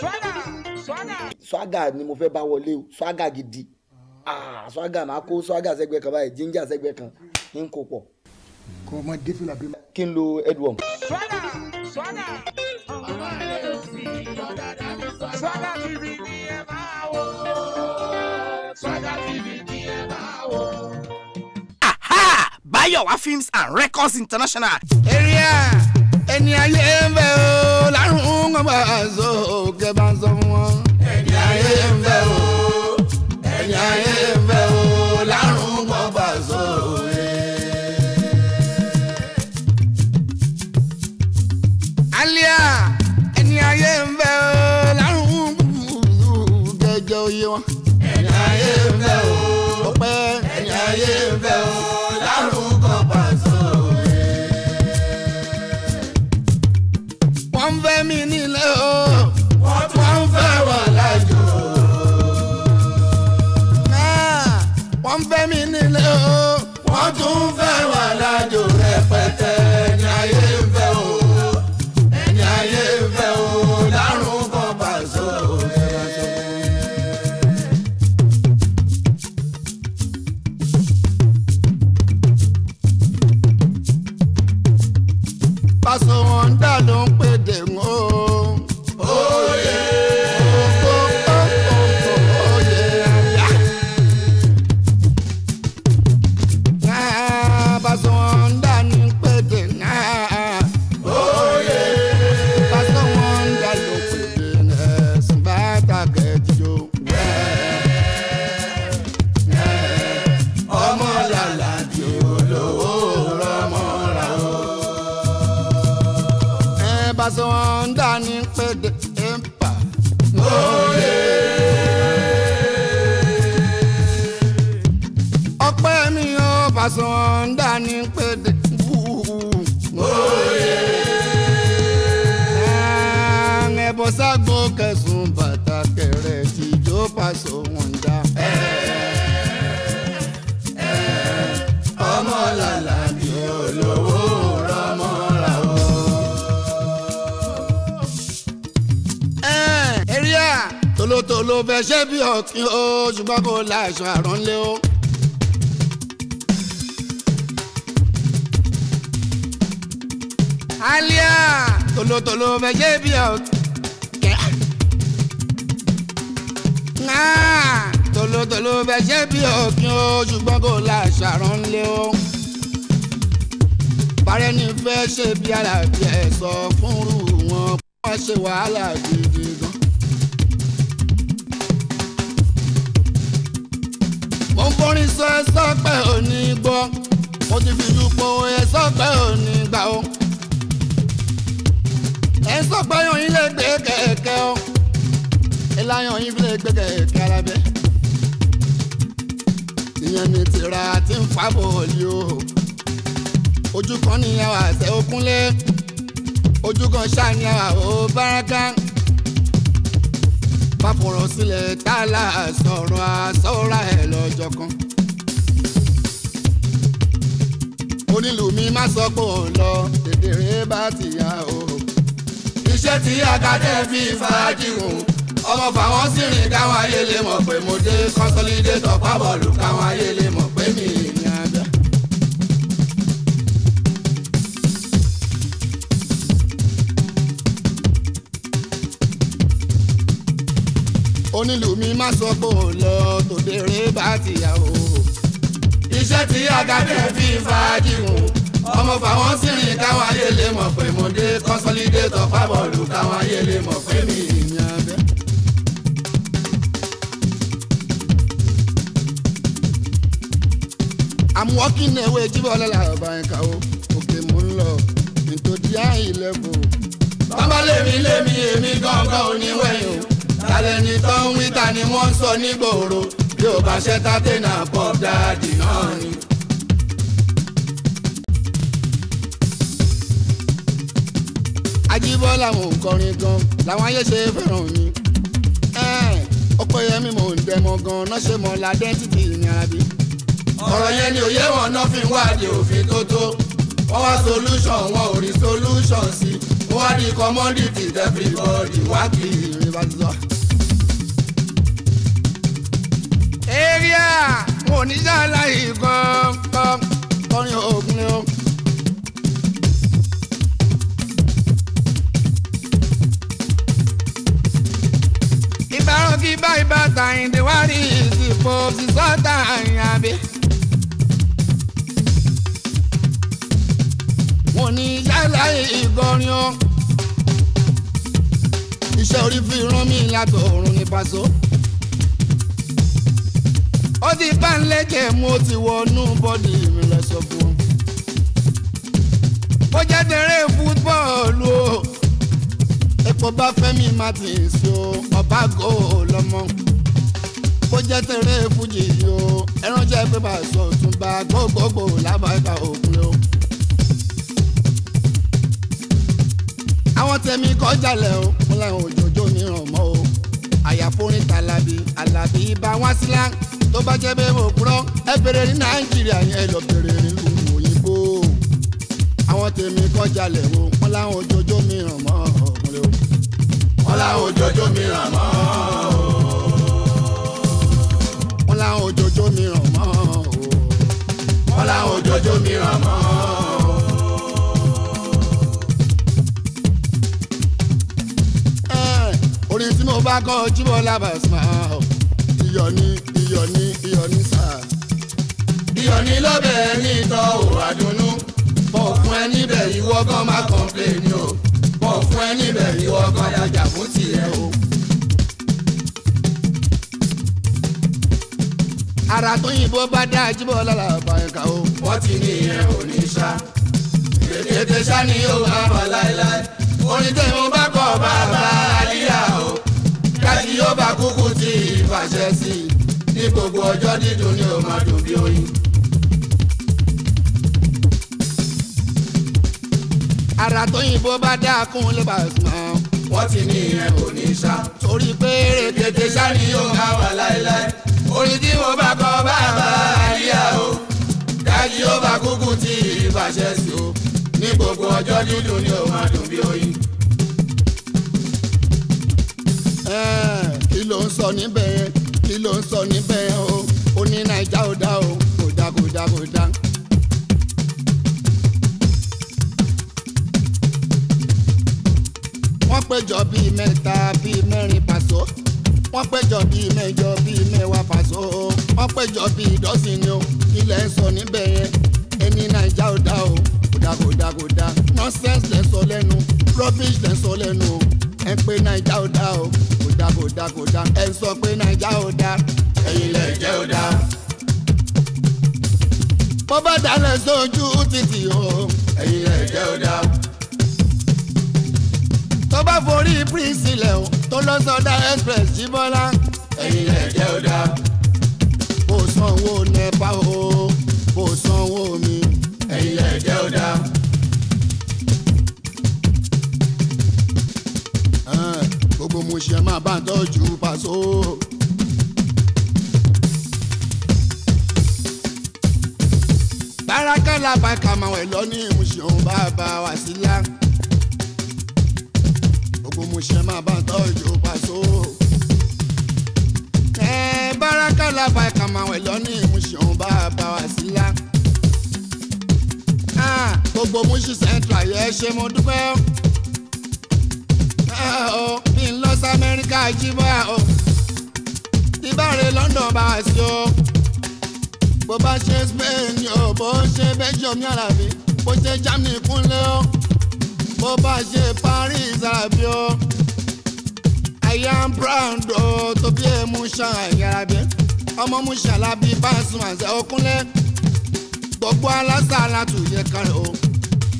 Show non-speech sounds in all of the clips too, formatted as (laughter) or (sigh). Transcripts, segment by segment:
swaga swaga. swaga ni mo fẹ́ bá wọlé o swaga gidi ah swaga máa kó swaga sẹ́gbẹ́ kan báyìí ginger sẹ́gbẹ́ kan ní kò pọ̀. kò mọ défi làbí. kí n lo edwom. swaga swaga. ọmọ ẹ ló swaga tv ni ẹ máa wò. swaga tv ni ẹ máa wò. Bayowa Films and Records International. èrè ẹni ayé ń bẹ̀ o lárùn wọn bá a sọ òkè bá sọ wọn. ẹ̀mí ayé ń bẹ̀rù. fẹ́ ṣe bí ọ̀tí o ṣùgbọ́n kò láìsọ àrùn lé o. alia tolotolo fẹ́ ṣe bí ọ̀tí. tolotolo fẹ́ ṣe bí ọ̀tí o ṣùgbọ́n kò láìsọ àrùn lé o. parẹ́ ni fẹ́ ṣe bí aláàbí ẹ̀ sọ fún wọn wọ́n ṣe wàhálà bí. sọ ẹ sọ pé ò ní gbọ́ mo ti fi dupò ẹ sọ pé ò ní gbà ó. ẹ sọ pé lè gbé kẹ̀kẹ́ ó ìlànà yòóyìn lè gbé kẹ̀kẹ́ alábẹ́. ìyẹn ni tìrà tí ń fa bòòlì o ojú kan ní ìyàwó àṣẹ òkúnlé ojú kan ṣáà ní ìyàwó báraká bá fọ̀rọ̀ sílẹ̀ tá a là sọ̀rọ̀ àsọ̀rọ̀ ẹ̀ lọ́jọ́ kan. onílù mi má sọ pé òun lọ kedere bá ti yá o. iṣẹ́ tí akadẹ́mí fàájì hùn ọmọ fàwọn sì rìn káwọn ayé lè mọ̀ pé mo dé consolidator pábọ̀lù káwọn ayé lè mọ̀ pé mi ní àgbà. onílù mi má sọ pé òun lọ tòdèrè bá ti yá o iṣẹ́ tí agadẹ́ fi fàájì wò ọmọ fàwọn sì rìn káwọn ayé lè mọ̀ pé mo dé consolidator pábọ̀lù káwọn ayé lè mọ̀ pé mi ìyàn abẹ́. I'm walking away jíbọ̀lẹ̀ làbá yẹn kà ó òkè mò ń lọ nítorí àìlẹ́bù. bàbá lèmi lèmi èmi gángan oníwẹ̀yìn tàlẹ́ni tó ń wí ta ni wọ́n ń sọ nígboro bí ó bá ṣe tátẹ́nà Bob Daddy náà ni. Ajíbọ́lá mò ń kọrin gan làwọn ayé ṣe fẹ́ràn mi Ọpẹ́yẹmí mò ń dẹmọ gan náà ṣe mọ ládẹ́ntìtì ní Àlàbí. ọ̀rọ̀ yẹn ni òye wọn náà fi ń wádìí òfin tó tó wọ́n wá solution wọn ò rí solution sí wọ́n wá di commodity everybody wá kiri ìrìn mo ní sálà yìí kankan kọrin ogun ni o. ìbára kí bá ìbátan ìdíwárí ìsìnkú sísọ́tà ìyàbẹ̀. mo ní sálà yìí kọrin o. iṣẹ́ orí fi rán mi látọ̀ọ̀run ní pàṣọ ó ti bá ń lẹ́jẹ̀ mú ó ti wọnú bọ́dì mi lọ sọ fún un. ó jẹ́ tẹ̀rẹ́ fútbọ́ọ̀lù o epo bá Fẹ́mi Martins o ọba go lọ́mọ. ó jẹ́ tẹ̀rẹ́ fújì o ẹran jẹ́ pépà sọ̀tún bá gbogbogbò lábàgbà òkun o. àwọn tẹ̀mí kọjá lẹ̀ o mo láwọn òjòjò mi ràn mọ́ o àyàfórin Alábí Alábí bá wá sílá tó bá jẹ́ bẹ́ẹ̀ mo kúrọ́ ẹ bèrè ní nàìjíríà yẹn lọ bèrè nílùú òyìnbó àwọn tèmi kọjá lẹ̀ wò láwọn ojoojó mi ràn mọ́ ọ̀gbìn o. wọ́n láwọn ojoojó mi ràn mọ́ wọ́n láwọn ojoojó mi ràn mọ́ wọ́n láwọn ojoojó mi ràn mọ́. orin tí mo bá kọ́ Jíbọ́lá Bàsímà iyọ̀ ni Ìyọ̀ni Ìyọ̀ni sà. Ìyọ̀ni lọ́bẹ̀ ní ìtọ́ ò àdùnnú bọ̀ fún ẹ níbẹ̀ ìwọ gan má kọ́ńpléènì o bọ̀ fún ẹ níbẹ̀ ìwọ gan yàjà fún tiẹ̀ o. ara tó yìnbọn bá dá ajíbọ̀ lára àbáyọ̀ká o. wọ́n ti ní ìyẹn ò ní sá ètè sá ni yóò máa bọ̀ láéláé orin tẹ̀ mo bá kọ̀ bàbá àríyá o káàdì yóò bá kúkú ti ìfàṣẹ sí i ní gbogbo ọjọ́ dídùn ni ó máa dùn bí oyin. ara tóyìnbó bá dáa kún ló bá sùn. wọ́n ti ní ìyẹn kò ní sá. torí pé tètè sá ni yóò máa wà láéláé. orin tí mo bá kọ bá bá àríyá o. dájú ó bá kúkú tí ìbàṣẹ sí o. ní gbogbo ọjọ́ dídùn ni ó máa dùn bí oyin. kí ló ń sọ níbẹ̀ yẹn kí ló ń sọ níbẹ̀ o ó ní naija ò dá o kò dá kò dá kò dá. wọ́n péjọ bíi mẹ́ta bíi mẹ́rin pàṣọ wọ́n péjọ bíi mẹ́jọ bíi mẹ́wàá pàṣọ wọ́n péjọ bíi dọ́sìn ni o ilẹ̀ ń sọ níbẹ̀ yẹn ẹni naija ò dá o kò dá kò dá kò dá nonsense lẹ́ sọ lẹ́nu rubbish lẹ́ sọ lẹ́nu o ẹ pé naija ò dá o dá kò dá kò dá ẹ ń sọ pé naija ò dá ẹ̀yin lẹ jẹ́ ò dá. bó bá dalẹ̀ sójú títì o ẹ̀yin lẹ jẹ́ ò dá. tó bá forí prince ilẹ̀ o tó lọ sọdá express jíbọ́lá ẹ̀yin lẹ jẹ́ ò dá. kò sanwó nepa o kò sanwó mi ẹ̀yin lẹ jẹ́ ò dá. gbogbo mo ṣe máa bá tọ́jú Paso. bárakà làbá kàmá wẹ̀ lọ́ní ìmùsùn bàbá Wasila gbogbo mo ṣe máa bá tọ́jú Paso. bárakà làbá kàmá wẹ̀ lọ́ní ìmùsùn bàbá Wasila ah, gbogbo mo ṣe central yẹ ṣe mo dúpẹ́ o mi ń lọ sí Amẹ́ríkà jíbọ̀ o ìbáre London bá a sí o bó bá ṣe Spain o bó ṣe Belgium ní àlàbí bó ṣe Germany kúnlé o bó bá ṣe Paris àlàbí o I am proud o tó bí èmu ṣan àyàràbí ọmọ mu ṣàlàbí Pasuma àṣẹ okúnlẹ̀ gbogbo alásàlátù yẹ kan o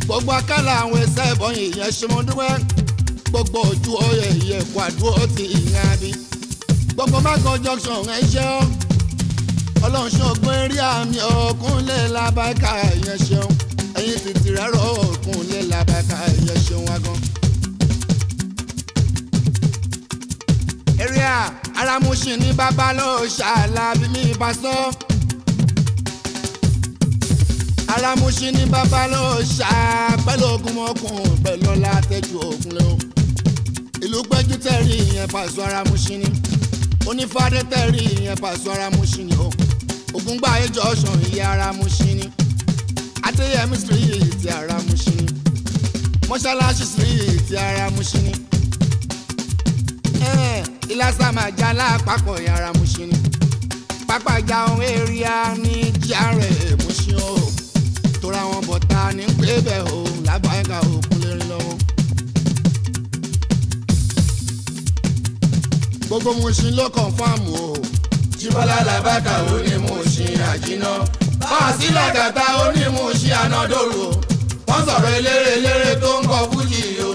gbogbo akálà àwọn ẹsẹ̀ ìbọn yìí yẹn ṣe mo dúpẹ́ gbogbo ojú ọyẹ ìyẹ̀kọ àdúró ti ìyẹn abi gbogbo mákan junction ẹ ọ ọlọ́run ọgbọ́n eré àmì ọ̀kúnlẹ̀ làbákà ìyẹn ṣeun ẹ̀yìn títí rárọ̀ ọ̀kúnlẹ̀ làbákà ìyẹn ṣeun agan. eré à aramusin ní bàbá lọ́ọ́ ṣàlàbí mi bá sọ. aramusin ní bàbá lọ́ọ́ ṣàpẹ́lú ogun mọ́kùn pẹ̀lú ọlá tẹ́jú òkun lẹ́wọ̀n ìlú péjú tẹ̀rí ìyẹn Pàṣọ ara Mùṣin ni onífàdé tẹ̀rí ìyẹn Pàṣọ ara Mùṣin ni o ògúngbà ẹjọ́ ọ̀sán ìyẹn ara Mùṣin ni adéyẹmí street ara Mùṣin ni mọ́ṣáláṣí street ara Mùṣin ni ìlàsà máa já lápapọ̀ ìyẹn ara Mùṣin ni pápá ìjà ohun èrìà ní jíàrẹ̀ Mùṣin o tora wọn bọ̀ta ní pébẹ̀ o làbáyé ká òkun lérí lọ́wọ́. gbogbo Mushin ló kọ̀ǹfàmù o. Ṣíbọ́lá làbákà ó ní Mushin àjíná. Báàsí làgàtà ó ní Mushin ànádòrò. Wọ́n sọ̀rọ̀ eléré eléré tó ń kọ fújì o.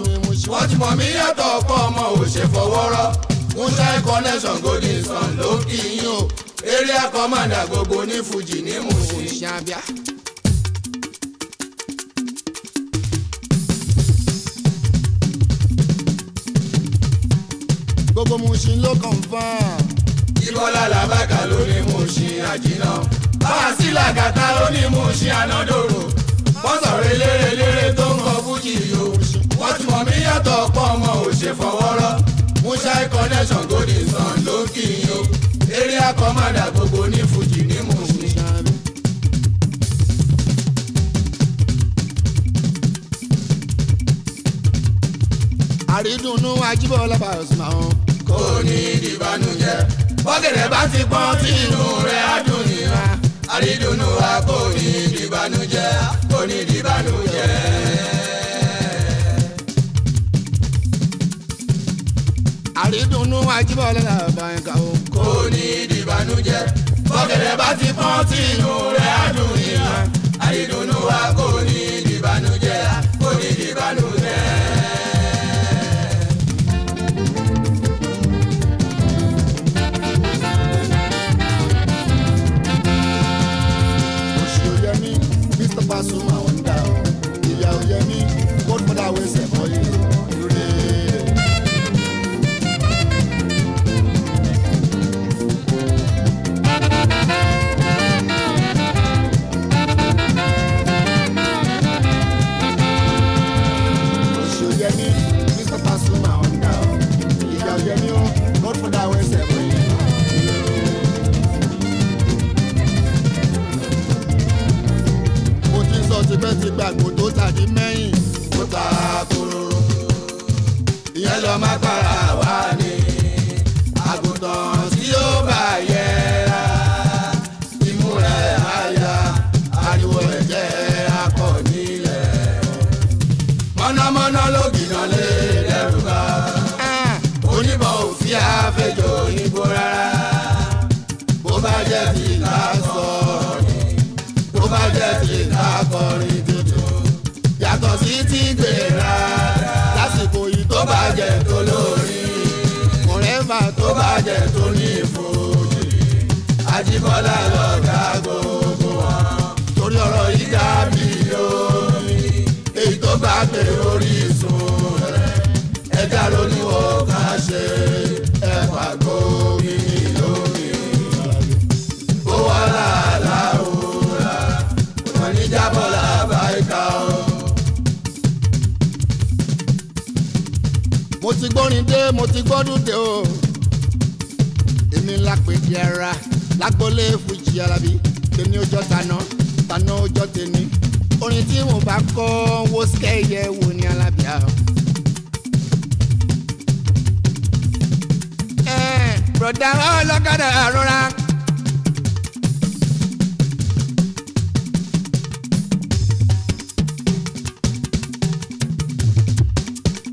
Wọ́n ti mọ̀ mí yàtọ̀ ọkọ ọmọ òṣèfọwọ́rọ́. Mushai connection golden sun ló kì yín o. Area commander gbogbo ní Fuji ní Mushin. gbogbo Mushin ló confam. ibola làbákà ló ní Mushin àjìnà báwa sí làgàtà ló ní Mushin ànádòrò wọ́n sọ̀rọ̀ elérelére tó ń kọ fújì yó wọ́n ti mọ̀ mí yàtọ̀ ọ̀pọ̀ ọmọ ò ṣe fọwọ́rọ́ Mushai connection golden sun ló kì í yó eré akọ́mọ̀dà gbogbo ní fújì ní Mushin. àrídùnnú Ajíbọ́lá bàrọ̀ sí màá hàn kò ní ìdìbànújẹ́ bọ́gẹ̀dẹ̀ bá ti pọ́n tí inú rẹ̀ á dùn nìyà àrídùnnú wa kò ní ìdìbànújẹ́ kò ní ìdìbànújẹ́. àrídùnnú Ajíbọ́lá Báyìíká o. kò ní ìdìbànújẹ́ bọ́gẹ̀dẹ̀ bá ti pọ́n tí inú rẹ̀ á dùn nìyà àrídùnnú wa kò ní ìdìbànújẹ́ kò ní ìdìbànújẹ́. kò tó tàbí mẹ́yìn. ó ta kòròrò ìyẹn lọ má para. alájẹ tó ní ìfòjì Àjíbọ́lá lọ̀gá gbogbo wọn torí ọ̀rọ̀ yìí dá bí omi èyí tó bá pè Orísun rẹ̀ ẹ̀dá lóníwọ̀ ká ṣe ẹ̀fà gbòógì lómi. ó wà láàlá òwúrà wọn ní Jábọ́lá báyìíká o. mo ti gbọ́rin dé mo ti gbọ́dún dé o lápèjì ara lágbólé fújì alábí tèmi ọjọ́ tàná tàná ọjọ́ tèmi orin tí mo bá kọ́ wo skẹ́yẹ wo ni alábíà. bọ̀dá ọlọ́kadà rọra.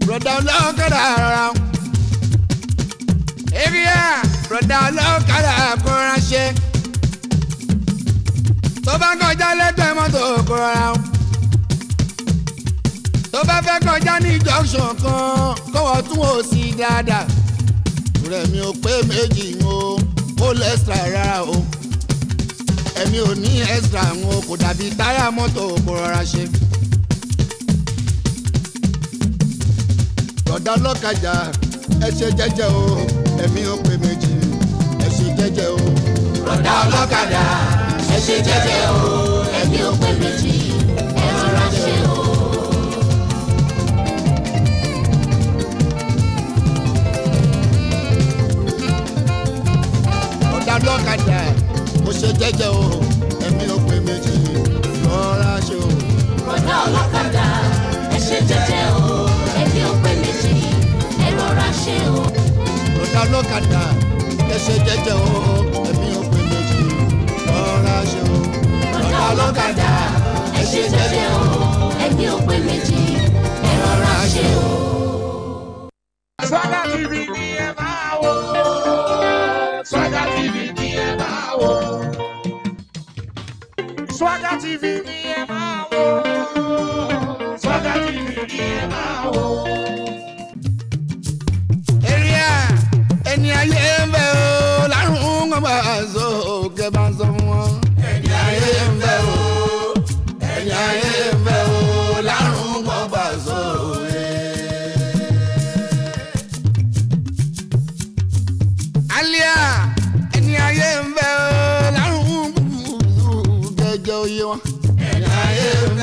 bọ̀dá ọlọ́kadà rọra area broda ọlọ́kadà kó ránṣẹ́ tó bá kọjá lẹ́gbẹ̀ẹ́ mọ́tò kó rárá o tó bá fẹ́ kọjá ní junction kan kọ́wọ́ tún ò sí dáadáa rẹ̀ mi ò pé méjì o ó lẹ́stra rárá o èmi ò ní extra àwọn kò dàbí táyà mọ́tò kó rọra ṣe. broda ọlọ́kadà ẹ ṣe jẹ́jẹ́ o ẹ̀mí ò pé méjì ẹ ṣe o. ọ̀dà ọlọ́kadà ẹ ṣe o ẹ̀mí ò pé méjì ẹ rọra o. ọ̀dà ọlọ́kadà ó ṣe o ẹ̀mí ò pé méjì rọra ṣe o. ọ̀dà ọlọ́kadà ẹ ṣe jẹ́jẹ́. ọ̀dà lọ́kadà kẹsẹ̀ jẹ́jẹ́ o ẹ̀mí òpin méjì ọ̀rá ṣe o. ọ̀dà lọ́kadà kẹsẹ̀ jẹ́jẹ́ o ẹ̀mí òpin méjì ẹ̀rọ̀ra ṣe o. Swaga TV ni ẹ máa wò Swaga TV ni ẹ máa wò Swaga TV ni.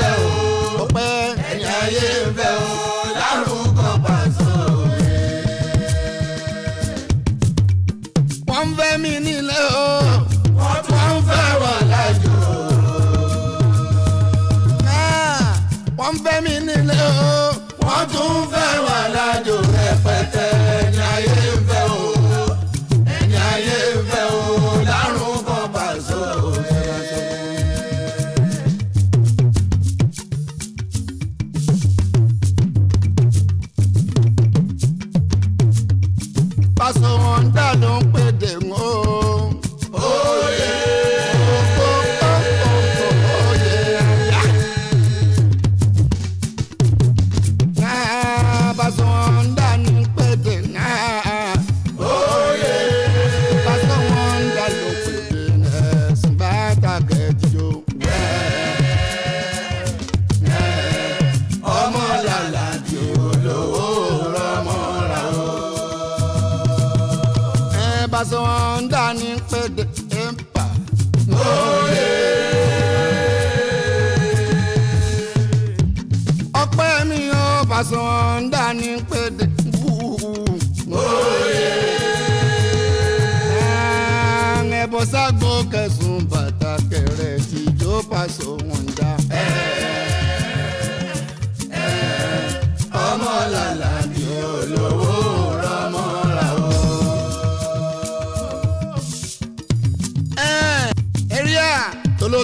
know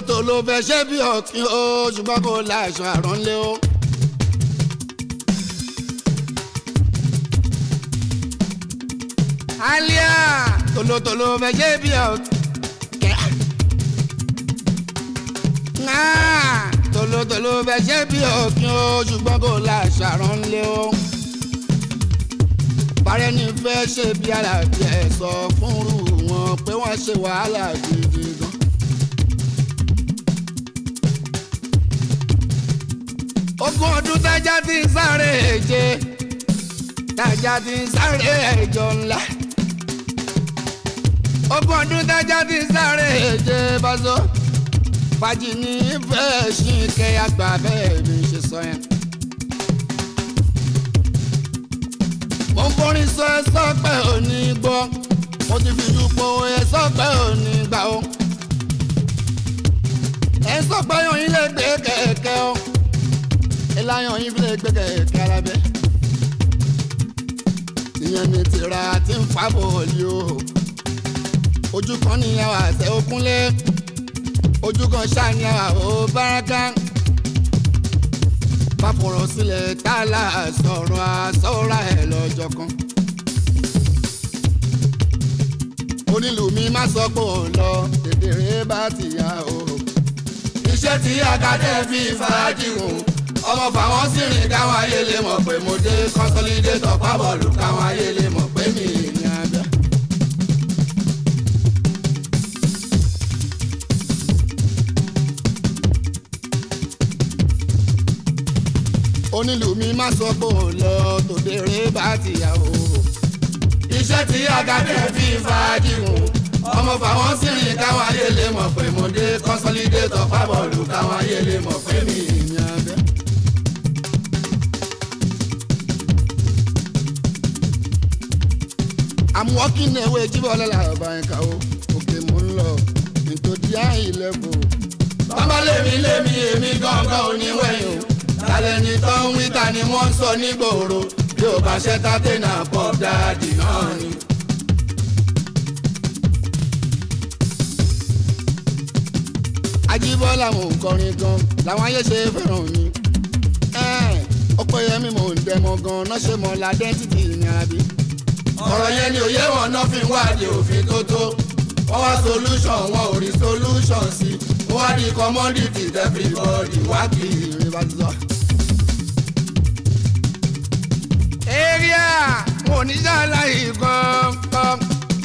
ṣòkòtò ló fẹ́ ṣe bí ọ̀tí o ṣùgbọ́n kò láìsọ àrùn lé o. alia tolotolo fẹ́ ṣe bí ọ̀tí. tolotolo fẹ́ ṣe bí ọ̀tí o ṣùgbọ́n kò láìsọ àrùn lé o. parẹ́ ni fẹ́ ṣe bí alábí sọ fún rú wọn pé wọ́n ṣe wàhálà jù. ogún ọdún tájá ti ń sáré èje tájá ti ń sáré ẹjọ ńlá ogún ọdún tájá ti ń sáré èje bọ́sọ́ fàjì ní bẹ́ẹ̀ ṣì ń kẹ́ àgbà bẹ́ẹ̀ mi ṣe sọ yẹn. mo ń kọrin sọ ẹ sọ́pẹ́ òní gbọ́ mo ti fi dúpọ̀ ẹ sọ́pẹ́ òní gbà ó ẹ sọ́pẹ́ yàn lè gbé kẹ̀kẹ́ o láyàn yín fílẹ̀ gbẹ́gẹ̀ kárabẹ́. ìyẹn ni tìrà tí ń fa bọ̀ọ̀lì o. ojú kan ní àwà tẹ ó kúnlẹ̀. ojú kan ṣáà ní àwà ó báraká. bá fọ̀rọ̀ sílẹ̀ tá a là sọ̀rọ̀ àsọ̀rọ̀ ẹ̀ lọ́jọ́ kan. onílù mi má sọ pé ò lọ tètèrè bá ti yá o. iṣẹ́ tí àkàtẹ́ fi fàájì wò ọmọ fàwọn sì rìn káwọn ayé lè mọ̀ pé mo dé consolidator pábọ̀lù káwọn ayé lè mọ̀ pé mi ní abẹ́. onílù mi má sọ pé òun lọ tòdèrè bá tìyàwó. iṣẹ́ tí àgàkẹ́ fi fàájì hùn ọmọ fàwọn sì rìn káwọn ayé lè mọ̀ pé mo dé consolidator pábọ̀lù káwọn ayé lè mọ̀ pé mi ní I'm walking away jíbọ́lọ́lá ọba ẹ̀ka o òkè mò ń lọ nítorí àìlẹ́bù. bàbá lèmi lèmi èmi gángan oníwẹ̀yìn o lálẹ́ ni tán ń wíta ni wọ́n ń sọ nígboro yóò bá ṣẹ́ tátẹ́nà pop dáàdì náà ni. ajíbọ́lá mò ń kọrin gan làwọn ayé ṣe fẹ́ràn mi ọpẹ́ yẹmi mò ń dẹmọ gan náà ṣe mọ́ ládẹ́ títì ní àbí ọ̀rọ̀ yẹn ni òye wọn náà fi ń wádìí òfin tó tó wọ́n wá solution wọn ò rí solution sí wọ́n wá di commodity everybody wá kiri rivers. area mo ní sàlàyé gan-an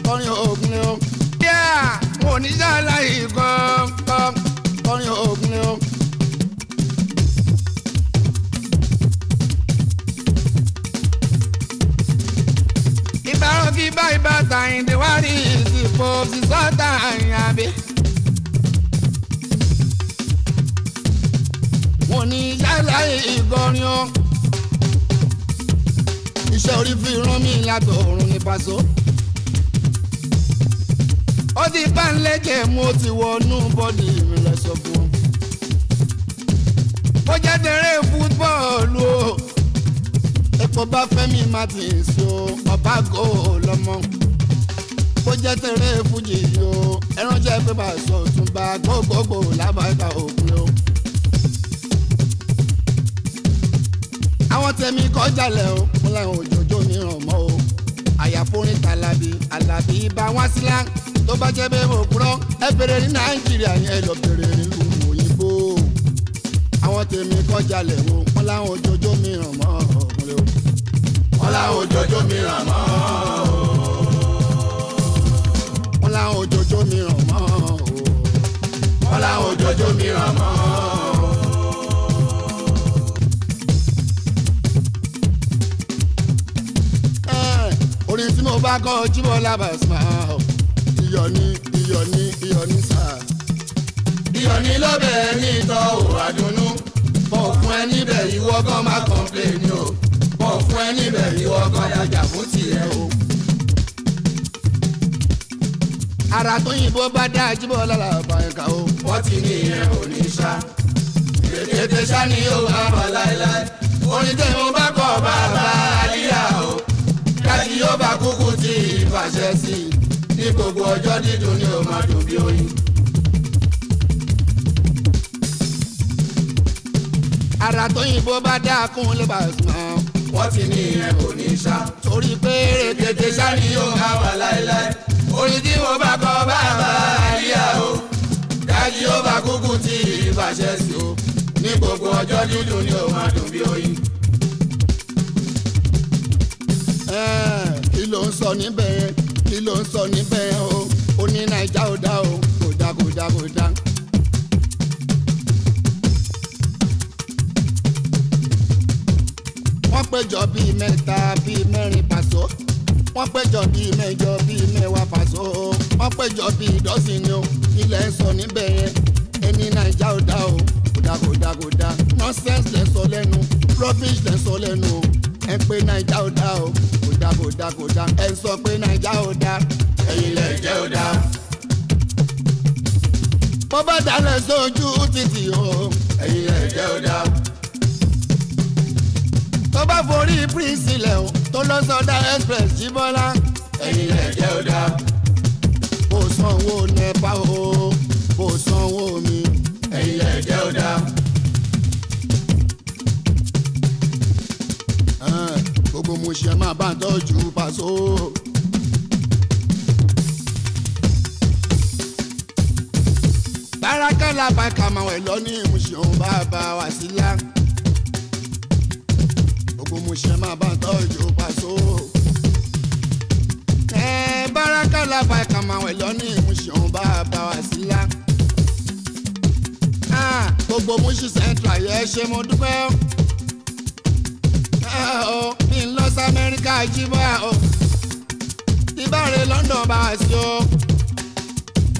kọrin ogun ni o. area mo ní sàlàyé gan-an kọrin ogun ni o. daughter in the world is the Pope's daughter, Yabe. Wọ́n ní yálà ìgbọ́rin o. Iṣẹ́ orí fi rán mi látọ̀ ọ̀run ní Paso. Ó ti bá ń lẹ́jẹ̀ mo ti wọnú bọ́dì mi lọ sọ fún un. Ó jẹ́ tẹ̀rẹ̀ fútbọ́ọ̀lù o epo bá Fẹ́mi Martins o ọba go lọmọ bó jẹ́ tẹ̀rẹ́ fújì o ẹran jẹ́ pépà sọ òtúnba gbogbogbò lábàtà òkun o. àwọn tẹ̀mí kọjá lẹ̀ o mo láwọn òjòjò mìíràn mọ́ o àyàforin tàlàbí àlàbí bá wá sílá tó bá jẹ́ bẹ́ẹ̀ mo kúrọ́ ẹ bèrè ní nàìjíríà yẹn lọ bèrè nílùú òyìnbó àwọn tèmi kọjá lẹ̀ wọ́n láwọn ojoojó mi ràn mọ́ wọn la òjòjò mìíràn mọ́ wọn la òjòjò mìíràn mọ́ wọn la òjòjò mìíràn mọ́. orin tí mo bá kọ́ ojúbọ lábàsímà iyọ̀ ni iyọ̀ ni iyọ̀ ni sà. ní ìtọ́ òwò àdùnnú fọ̀ọ̀kùn ẹ níbẹ̀ ìwọ gan má kàn o wọn ò fún ẹ níbẹ̀ ìwọ ọgọ́dà jà fún tiẹ̀ o. ara tó yìnbó bá dá ajíbọ̀ lára ọ̀bà ẹ̀ka o. wọ́n ti ní ìyẹn ò ní sá. ètè sá ni yóò bá bọ̀ láéláé. orin tẹ̀ mo bá kọ̀ bàbá àríyá o. káàdì yóò bá kúkú tí ìfàṣẹ sí i. ní gbogbo ọjọ́ dídùn ni ó máa dùn bí oyin. ara tó yìnbó bá dá kún ló bá sùn wọ́n ti ní ìyẹn kò ní sá. torí pé tètè sá ni yóò máa wà láéláé orin tí mo bá kọ bá máa yá o dájú ó bá kúkú tí ìbàṣẹ sí o ní gbogbo ọjọ́ dídùn ni ó máa dùn bí oyin. kí ló ń sọ níbẹ̀ kí ló ń sọ níbẹ̀ yẹn o ó ní naija ò dá o kò dá kò dá kò dá. péjọ bíi mẹ́ta bíi mẹ́rin pàṣọ wọ́n péjọ bíi mẹ́jọ bíi mẹ́wàá pàṣọ wọ́n péjọ bíi dọ́sìn ni o ilẹ̀ ń sọ níbẹ̀ yẹn ẹni nàìjà ò dá o kò dá kò dá kò dá nonsense lẹ̀ sọ lẹ́nu rubbish lẹ̀ sọ lẹ́nu o ẹ pé nàìjà ò dá o kò dá kò dá kò dá ẹ sọ pé nàìjà ò dá ẹ̀yin lẹ̀ jẹ́ ò dá. bó dalẹ̀ sójú títì o ẹ̀yin lẹ̀ jẹ́ ò dá tó bá forí prince ilẹ̀ o tó lọ sọdá express jíbọ́lá. ẹ̀yin lè jẹ́ ó dá. kò sanwó nepa o kò sanwó mi. ẹ̀yin lè jẹ́ ó dá. gbogbo mo ṣe máa bá tọ́jú pàṣọ. bárakà làbàkà máa wẹ̀ lọ ní ìmúṣẹ́ òun bá bá wà sílá kó mo ṣe máa bá tọ́jú pàṣọ. ẹ báraká lába ẹ̀ka máa wẹ̀ lọ́ní ìmúṣẹ̀hún bá a bá wa sí lá. gbogbo Mushin Central yẹ ṣe mo dúpẹ́ o mi ń lọ sí Amẹ́ríkà jíbọ̀ o ìbáre London bá a sí o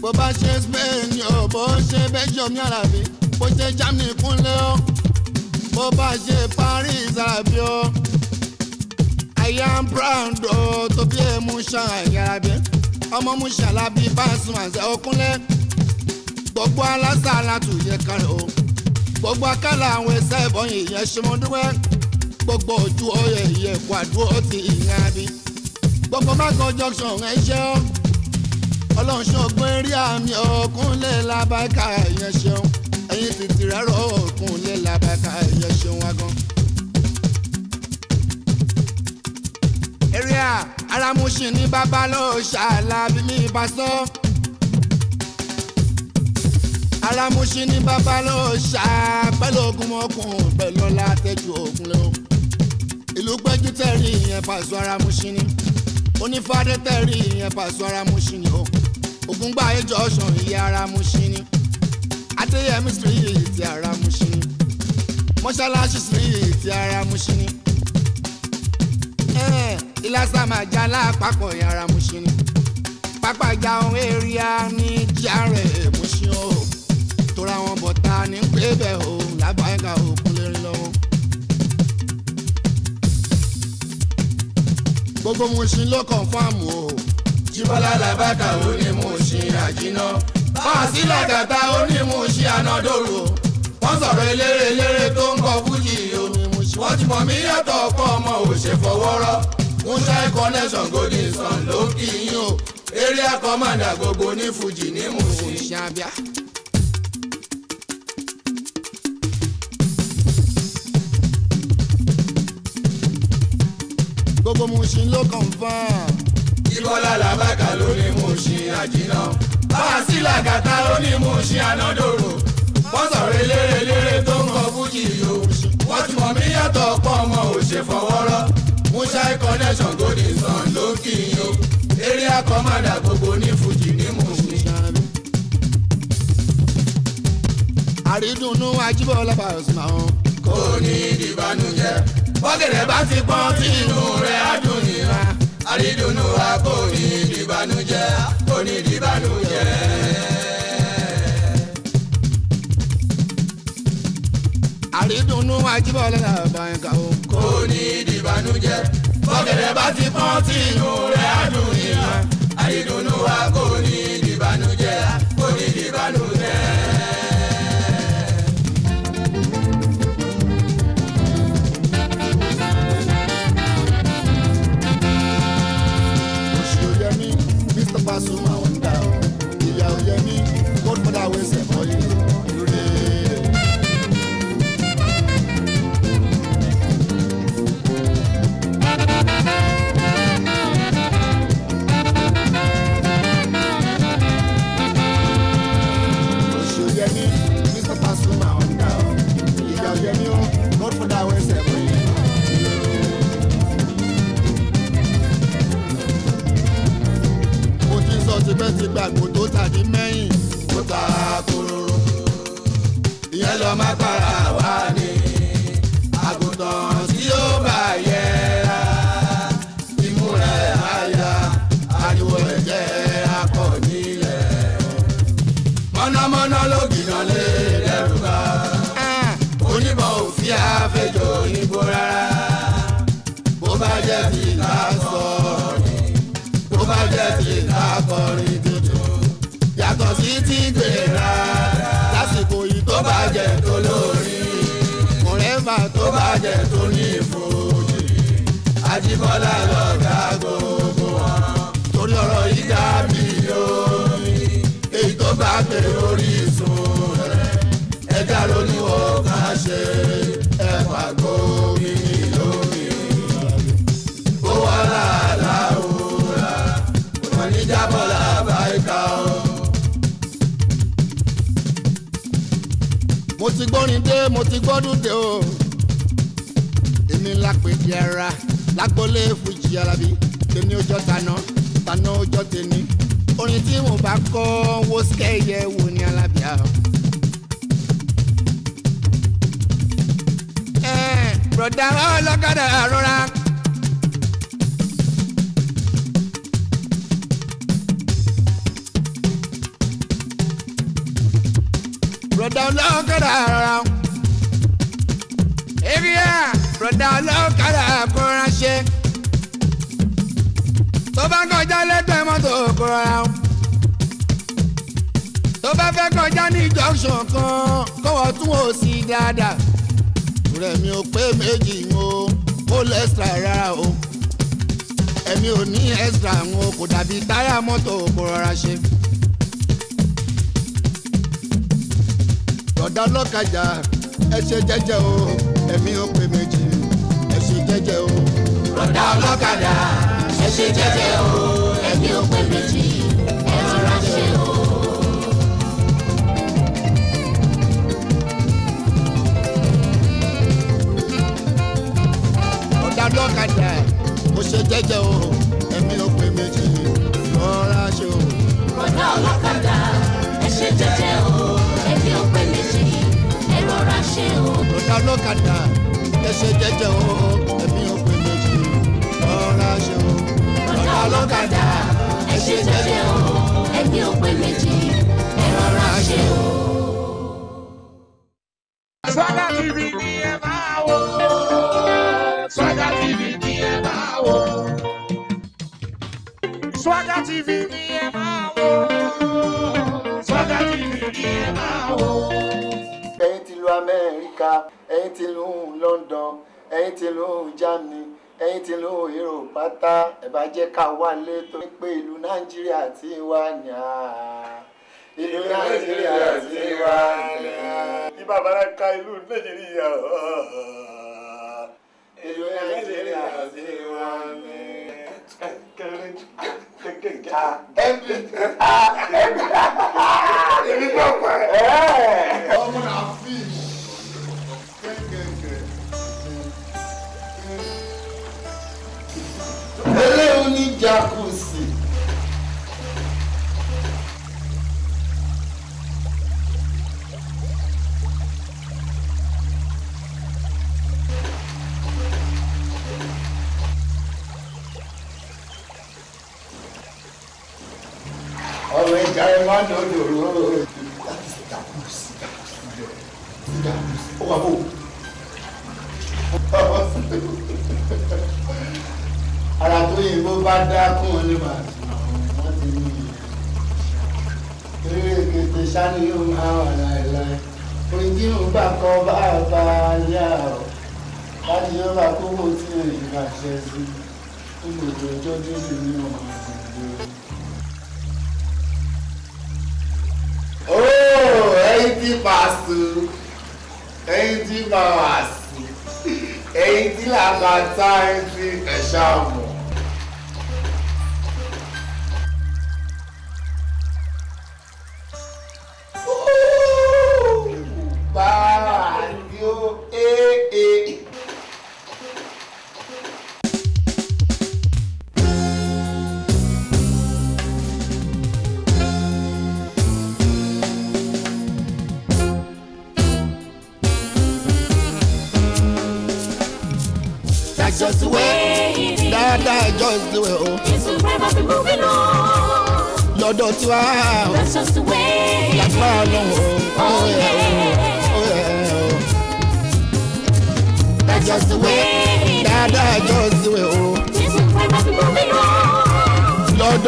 bó bá ṣe Spain o bó ṣe Belgium ní àlàbí bó ṣe Germany kúnlẹ̀ o bó bá ṣe Paris àbí ọ I am proud ọ tó bí èmu ṣan àyàràbí ọmọ mu ṣàlàbí Pasuma àṣẹ ọkúnlẹ̀ gbogbo alásà látù yẹ kárí o gbogbo akálà àwọn ẹsẹ̀ ìbọn ìyẹn ṣọmọdúnwẹ́ gbogbo ojú ọyẹ ìyẹn kó àdúró ti ìyẹn àbí gbogbo mákò junction ẹ ṣe ọ ọlọ́run ṣọgbọ́n eré àmì ọkúnlẹ̀ làbáyé ká ẹ̀yin tètè rárọ̀ òkun lé làbàkà ẹ̀yẹ ṣeun wá gan. eré à aramuṣin ní bàbá ṣàlàbí mi bá sọ. aramuṣin ní bàbá ló ṣà pẹ̀lú ogun ọkùn pẹ̀lú ọlá tẹ́jú òkun lẹ́wọ̀n. ìlú gbẹ́jú tẹ̀rí ìyẹn Pàṣọ aramuṣin ní onífàdé tẹ̀rí ìyẹn Pàṣọ aramuṣin ní o ògùngbà ẹjọ́ ṣàn ìyẹn aramuṣin ní adéyẹmí street ara Mushin mọ́ṣáláṣí street ara Mushin eh, ìlàsà máa já lápapọ̀ ara Mushin pápá ìjà ohun èrìà ní jíàrẹ̀ Mushin o tora wọn bọ̀tà ní pébẹ̀ o lábàáyíká òkun lérí lọ́wọ́. gbogbo Mushin ló kàn fáàmù o jíbọ́lá làbàkà ó ní Mushin àjíná máa sílẹ̀ kẹta onímùsí ànádòrò wọ́n sọ̀rọ̀ eléré eléré tó ń kọ fújì o wọ́n ti mọ̀ mí yàtọ̀ ọ̀pọ̀ ọmọ òṣè fọwọ́rọ́ Mushai connection golden sun ló kì í yín area commander gbogbo ní fújì ní mùsí. gbogbo Mushin ló kàn fún un. Ìbọ́lá làbákà ló ní Mushin àjìnà bá sí làgàtà onímùsí ànádòrò wọ́n sọ̀rọ̀ elérelére tó ń kọ fújì yó wọ́n ti mọ̀ mí yàtọ̀ ọ̀pọ̀ ọmọ ò ṣe fọwọ́rọ́ musa connection golden sun ló kì í yó eré akọ́mọ̀dà gbogbo ní fújì ní mùsí. àrídùnnú ajíbọ̀lá fàrọ̀sì máa ń. kò ní ìdìbànújẹ́ bọ́gẹ̀dẹ̀ bá ti pọ́n tí inú rẹ̀ á dùn nìyà àrídùnnú wa kò ní ìdìbànújẹ́ kò ní ìdìbànújẹ́. àrídùnnú Ajíbọ́lá Àbáyìnká o. kò ní ìdìbànújẹ́ bọ́gẹ̀dẹ̀ bá ti pọ́n tí inú rẹ̀ á dùn yíyan àrídùnnú wa kò ti gbàgbó tó tàbí mẹ́yìn. ó ta kòròrò ìyẹn lọ má para wá ní. jẹ tó ní ìfojì Àjíbọ́lá lọ́gá gbogbo wọn torí ọ̀rọ̀ yìí dá mi lórí èyí tó bá pè Orísun rẹ̀ ẹ̀dá ló ní wọ́n ṣe ẹ̀fọ́ àgbo lórí. ó wà láàlá òwúrà wọn ní Jábọ́lá báyìíká o. mo ti gbọ́rin dé mo ti gbọ́dún dé o lápèjì ara lágbólé fújì alábí tèmi ọjọ́ tàná tàná ọjọ́ tèmi orin tí mo bá kọ́ wo skẹ́yẹ wo ni alábíà. bọ̀dá ọlọ́kadà rọra. bọ̀dá ọlọ́kadà rọra bùrọ̀dá ọlọ́kadà kó ránṣẹ́ tó bá kọjá lẹ́gbẹ̀ẹ́ mọ́tò kó rárá o tó bá fẹ́ kọjá ní junction kan kọ́wọ́ tún ò sí dáadáa rẹ̀mi ò pé méjì o ó lọ extra rárá o ẹ̀mi ò ní extra o kò dàbí táyà mọ́tò kó rárá ṣe. bùrọ̀dá ọlọ́kadà ẹ ṣe jẹ́jẹ́ o ẹ̀mí ò pé méjì jẹ́jẹ́ o. bọ̀dá ọlọ́kadà ẹ ṣe jẹ́jẹ́ o ẹbí ó pé méjì ẹ rọra ṣe o. bọ̀dá ọlọ́kadà ó ṣe jẹ́jẹ́ o ẹbí ó pé méjì rọra ṣe o. bọ̀dá ọlọ́kadà ẹ ṣe jẹ́jẹ́ o ẹbí ó pé méjì ẹ rọra ṣe o. bọ̀dá ọlọ́kadà ẹ ṣe jẹ́jẹ́ o. ọlọ́kadà ẹ ṣe jẹ́jẹ́ o ẹni ò pé méjì ẹ rọra ṣe o. ti lo ìrò pátá ẹ jẹ́ ká tó torí pé ìlú nàìjíríà ti wà ní ìlú nàìjíríà ti wà ní à. ní ka ìlú nàìjíríà ìlú nàìjíríà ti wà ní. Èmi náà pẹ̀. only their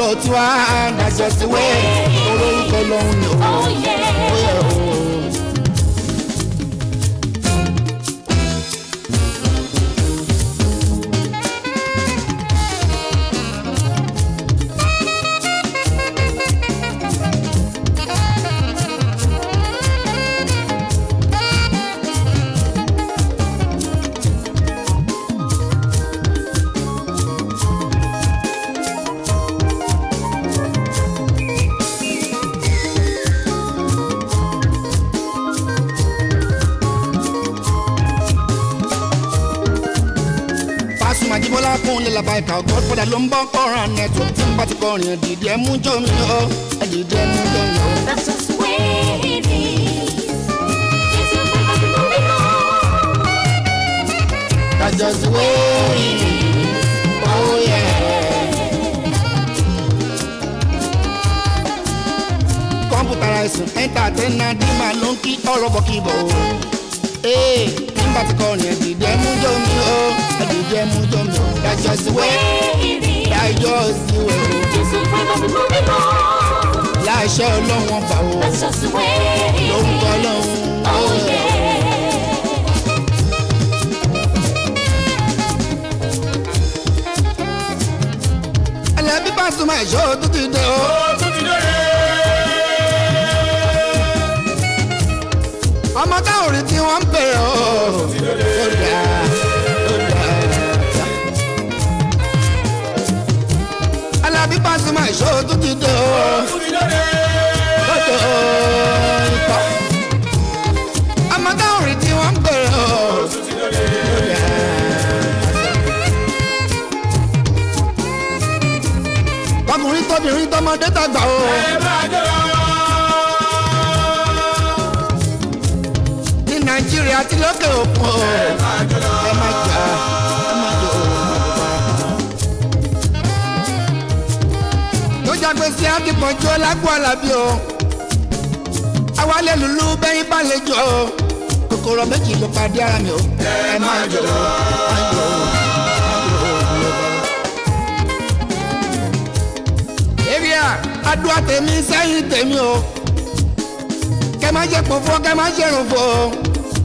lọ tún á na just wait orúkọ lòun ni ó yẹ ìka godfather ló ń bọ́ kọ́ra ẹ̀ tó ti ń bá ti kọrin ẹ̀ ẹ̀ mú jọ mi yọ ẹ̀ ẹ̀ mú jọ mi yọ. That's just the way it is. It's your oh. That's just the way it is. Oh yeah. Computerizing, entertainer, di ma ló ń kí ọ̀rọ̀ bọ̀ kí bọ̀. Ee, nígbà tí kọrin ẹ̀ dìde ẹ̀ mú jọ mi yọ. I dey jẹ mu jọ That's just the way it is. That's just the way. Jésù fẹ́ bá mi mú mi mọ́. Láìṣẹ́ ọlọ́wọ́n bá o. That's just Ló ń bọ́ lọ́hùn. Oh yeah. Àlàbí Pasuma ìṣó tó ti dé o. Ó tó ti dé. ọmọ táwọn rí tí wọ́n ń pè ọ́. Ó Pasuma ìṣó tó ti dé o. Lọ́dọ̀ ìpa. Ọmọ táwọn rìn tí wọ́n ń gbèrè o. Ọkùnrin tóbìnrin tọmọdé tàgbà o. Ẹ bá a jọra o. Ní Nàìjíríà ti lókè òkun o. alágbèsè akíkanjú ọlágbó alábí o awalẹ̀ lulú bẹ́yìn balẹ̀jọ́ o kòkòrò méjì ló pàdé ara mi o ẹ máa jọ o máa jọ o. area sẹ́yìn tèmi o kẹ má jẹ pòfo kẹ má jẹ rògbò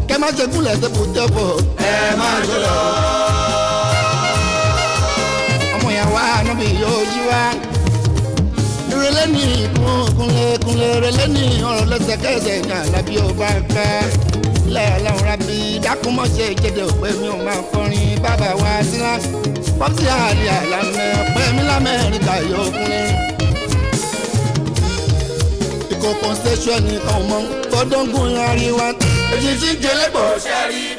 kẹ má jẹ kúlẹ̀ tẹ́kù tẹ́kù ẹ máa jọ lọ. ọmọ yẹn wá níbi yóò yí wá ìrẹ̀lẹ̀ ní ìkún kúnlẹ̀ kúnlẹ̀ ìrẹ̀lẹ̀ ní ọ̀rọ̀ lẹ́sẹ̀kẹsẹ̀ ní alábí ó bá ń pẹ́ lẹ́ẹ̀lọ́run rábí dákúmọ̀ṣẹ́ ìkéde òpè mi ò máa kọrin bàbá wa sílá pọ́sí àlè àlàmẹ́ ọ̀pẹ́ mi lámẹ́rin tayọ kúnlẹ̀. ìkòkò station nìkan mọ́ gbọ́dọ̀gùn ariwa èsìsì ń jẹ lẹ́pọ̀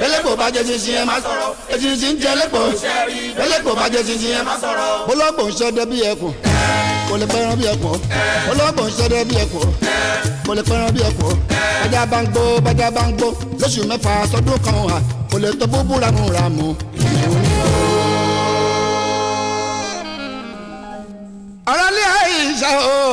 ẹlẹ́pọ̀ bá jẹ sísin má sọ̀rọ̀ èsìsì ń jẹ lẹ́pọ̀ ẹlẹ́pọ̀ bá jẹ sísin má sọ̀rọ̀ bọ́lọ́gbọ̀n ṣọdẹ bí ẹkùn mo lè pẹ́ran bí ẹ̀kọ́ olóògbò ń ṣẹ́dẹ́ bí ẹ̀kọ́ mo lè pẹ́ran bí ẹ̀kọ́ bájá bá ń gbó bájá bá ń gbó lóṣù mẹ́fà sọdún kan wà kò lè tó búbú ramúramù. aráàlú àìsàn o.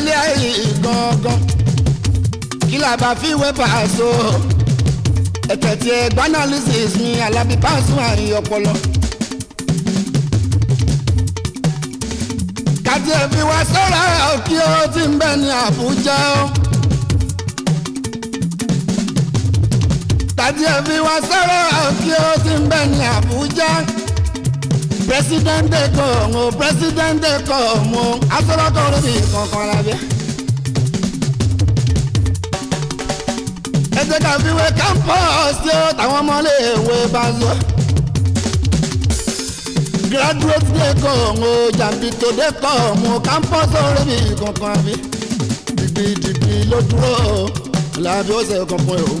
lé ayé gangan kí la bá fi wé Paso ẹ̀kẹ́ tí ẹ gba analysis mi Alábí Paso àyìn ọpọlọ. kàtí ẹ fi wá sọ́ra òkè ó ti ń bẹ ní Àbújá ó. kàtí wá sọ́ra òkè ó ti ń bẹ ní Àbújá president dey come o president dey come o asọ́rọ́kọ̀ olómi kankan lábẹ́. ẹ jẹ́ ká fi wé campus tí ó tàwọn ọmọléèwé bá lọ. graduate dey come o jàǹdùkú dey come o campus olómi kankan lábẹ́. dìgbìdìgbì ló dúró láàbí ó ṣe kankan o.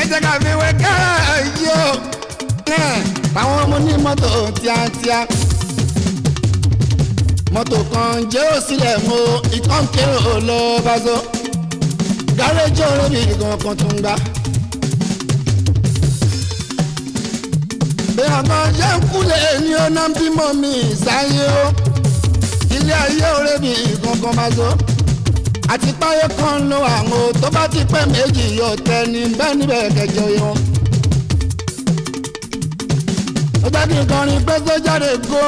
ẹ jẹ́ ká fi wé káyọ̀ kẹ̀ fáwọn ọmọ ní mọ́tò tíátíá mọ́tò kan jẹ́ òsílẹ̀ mo ìkànkè olóbazó gáréjì orébi kankan tó ń gbà. bí ọmọ ṣe ń kúlẹ̀ ní ọ̀nà bímọ mi sáyé o ilé ayé orébi kankan máa zọ àti páyé kan lo àwọn tó bá ti pẹ́ méjì yóò tẹ ní bẹ́ẹ̀ níbẹ̀ kẹjọ yẹn ó jẹ́ kí n kọrin pé sójà dey go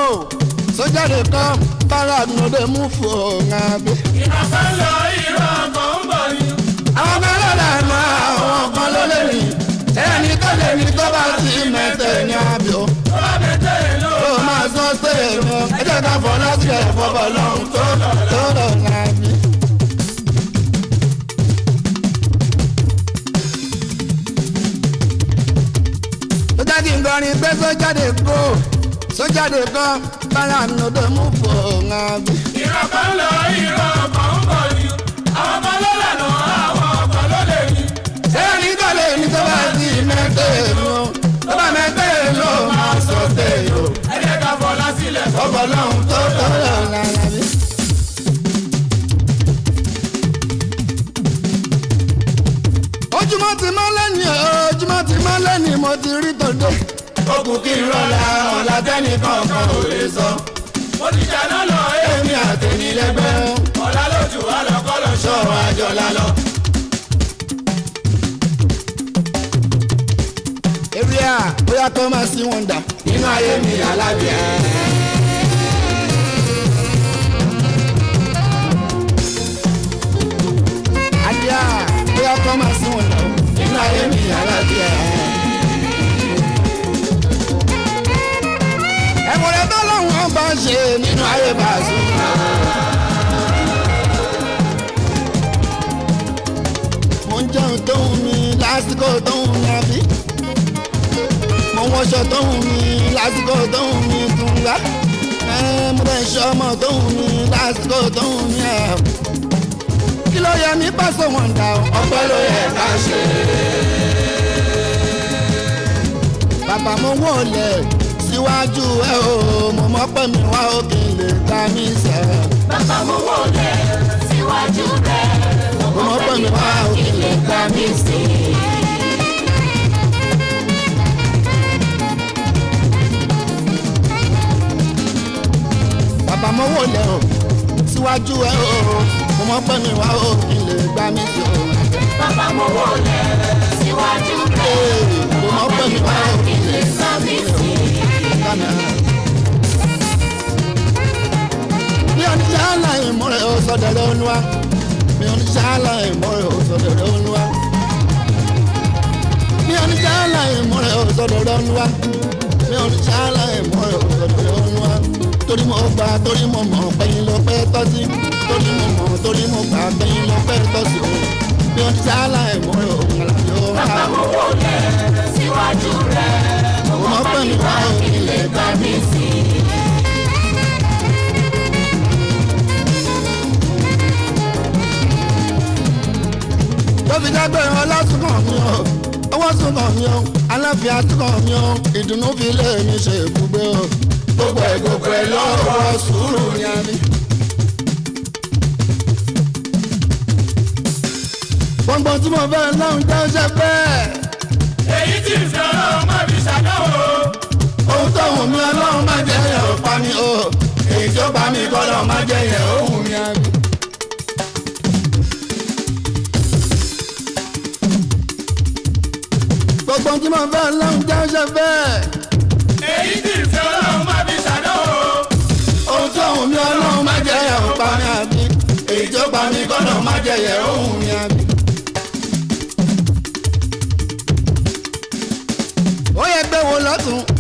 sójà dey come bára mi ò dé mú fò rábí. ìrọ̀kọ́ lọ ìrọ̀kọ́ ń bọ̀ ni. àwọn kan ló lè mọ àwọn kan ló lè rìn ẹni tó lè rìn tó bá ti mẹ́tẹ̀ ní àbí o. ó mẹ́tẹ̀ ló máa sọ sí èrò ẹ ká fọ́ lásìkò ẹ̀fọ́ bọ̀ lọ́hùn tó lọ́la. kọrin pé sójáde kó sójáde kan bára nodo mú fò ńgá bí. ìrọ̀pọ̀ ń lọ ìrọ̀pọ̀ ń bọ̀ ni àwọn ọmọ ọlọ́lànà àwọn ọkọ̀ ló lè ní. sẹ́ẹ̀rì kọ́ lè ní tó bá ti mẹ́tẹ̀ẹ́ mú tó bá mẹ́tẹ̀ẹ́ ló máa sọ tẹ̀yọ̀. ẹ ká fọlá sílẹ̀ fọ́bọ̀ lọ́hùn tó tọ́lọ̀ lálẹ́ bí. ojúmọ́ ti mọ́ lẹ́ni ojúmọ́ ti mọ́ lẹ́ni mo ti rí tòde ó kù kí n rọ̀la ọ̀la tẹ́nìkan kan ò lè sọ. mo ti jà náà lọ èmi àtẹnilẹ́gbẹ́. ọ̀la lójú wa lọ kọ́ lọ sọ̀rọ̀ àjọlá lọ. èrè à bóyá kó máa sí wọn dà nínú ayé mi alábìá. àdìá bóyá kó máa sí wọn dà nínú ayé mi alábìá. oore tọ́lọ́wọ́n bá ṣe nínú ayé Pasuma. mo ń jẹun tó ń mi lásìkò tó ń mi àbí mo ń wọṣọ tó ń mi lásìkò tó ń mi tún wá mo bẹ ṣe ọmọ tó ń mi lásìkò tó ń mi ẹ̀ kí ló yẹ mí pàṣẹ wọn dà ọpẹ́ ló yẹ ká ṣe. bàbá mo wọlé síwájú ẹ o mo mọ́pẹ́ mi wá òkè lè ta mí sẹ́. bàbá mo wò lẹ síwájú rẹ mo mọ́pẹ́ mi wá òkè lè ta mí sẹ́. bàbá mo wò lẹ o síwájú ẹ o mo mọ́pẹ́ mi wá òkè lè gbá mi sẹ́. bàbá mo wò lẹ síwájú rẹ mo mọ́pẹ́ mi wá òkè lè ta mí sẹ́ lánàá. mi ò ní sàálà ìmúre òsòdèrè olúwa mi ò ní sàálà ìmúre òsòdèrè olúwa mi ò ní sàálà ìmúre òsòdèrè olúwa mi ò ní sàálà ìmúre òsòdèrè olúwa torí mo gbà torí mo mọ̀ pẹ́yìn ló pẹ́ tọ́sí torí mo mọ̀ torí mo gbà pẹ́yìn ló pẹ́ tọ́sí mi ò ní sàálà ìmúre òsòdèrè olúwa. bàbá mo wò lẹ síwájú rẹ mo máa pẹ́ mi wá o. ilé gbà mí sí i. ó fi jágbé ọlá túnmọ̀ mi o owó túnmọ̀ mi o aláfíà túnmọ̀ mi o ìdùnnú fi lé mi ṣe ibùgbé o. gbogbo ẹ̀ gbogbo ẹ̀ lọ́wọ́ sùúrù ni a ní. gbọ̀ngbọ̀n tí mo fẹ́ lọ́hùn jẹ́ ṣe pẹ́. èyí tí ń sọ̀rọ̀ ọmọ mi tó wù ọlọ́run má jẹ́ yẹn ò pa mí o èyí tó pa mí kọ́lọ́ má jẹ́ yẹn ó wù mí gbogbo tí mo fẹ́ ọlọ́run jẹ́ ṣe fẹ́. èyí tí ìfẹ́ ọlọ́run má fi ṣàdánwò. ohun tó wù ọlọ́run má jẹ́ yẹn ò pa mí èyí tó pa mí kọ́lọ́ má jẹ́ yẹn ó wù mí àgbẹ̀. ó wo lọ́tún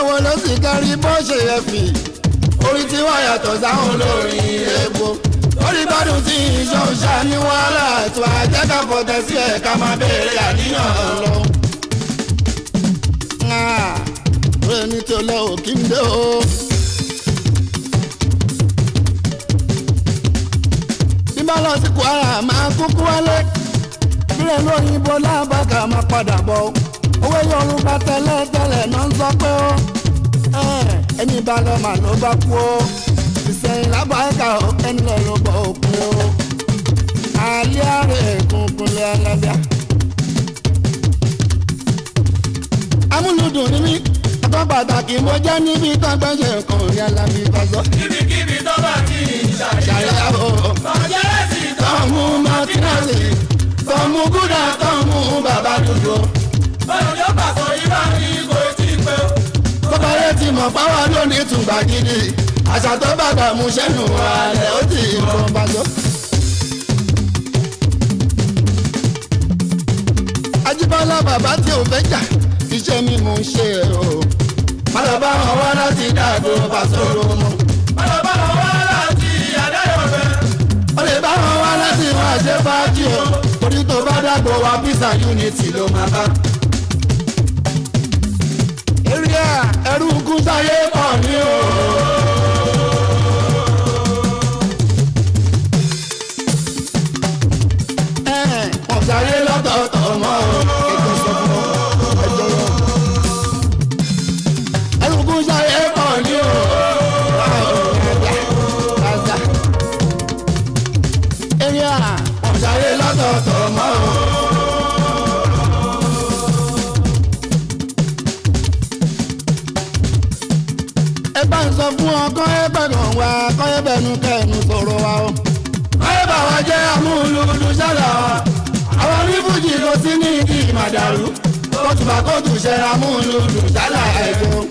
àwọn ló sì kárí bó ṣe yẹ fì orí tí wọ́n yàtọ̀ sáwọn olórin èèpo lórí gbádùn tí iṣẹ́ òṣà ní wàhálà ètò àjẹká fọ̀tẹ̀ sí ẹ̀ ká máa béèrè àníyàn lọ. rẹ́ni tó lọ òkì ń dé o. bí bá lọ sí Kwara máa kúkú wálé bílẹ̀ lóyìnbó lábàkà máa padà bọ̀ owó Yorùbá tẹ́lẹ̀ tẹ́lẹ̀ náà ń sọ pé ó. Eh, ẹni bá lọ mà ló bá kú o ìsẹ̀yìn lábàáká ẹni lọ ló bọ̀ òkú o alẹ́ àrẹ ìkúnkunlẹ̀ alábíà. amúlùdùn ni mí ọkọ pàtàkì mo jẹ́ níbi tó gbẹ́jẹ̀ kan rí alábí fọ́sọ́. kíbíkíbi tó bá ti ṣàṣàyà o fàjẹ́rẹ́sì tó mú mọ́tínọ́sì tó mú gúdà tó mú bàbá dúdú. bọ́lá yóò pàṣẹ ìbáraẹni kò tábàáyé ti mọ̀ fáwọn lónìí tùgbà gidi àṣà tó bàbà mú sẹ́nu alẹ́ ó ti ìrọ̀ bàjọ́. bàbá tí ò fẹ́ jà iṣẹ́ mi mò ń ṣe o. Màlàbá wọn wá láti dàgbò pàṣọrò mu. Màlàbá wọn wá láti àdáyọ̀fẹ́. Ó lè bá wọn wá láti wọn àṣẹ fájì o. Torí tó bá dàgbò wa Peace and ló máa bá. ẹrú kúta yé pa mí o. dàrú kóòtù bá kóòtù ṣẹra mú un lùdù jálà ẹ̀dùn.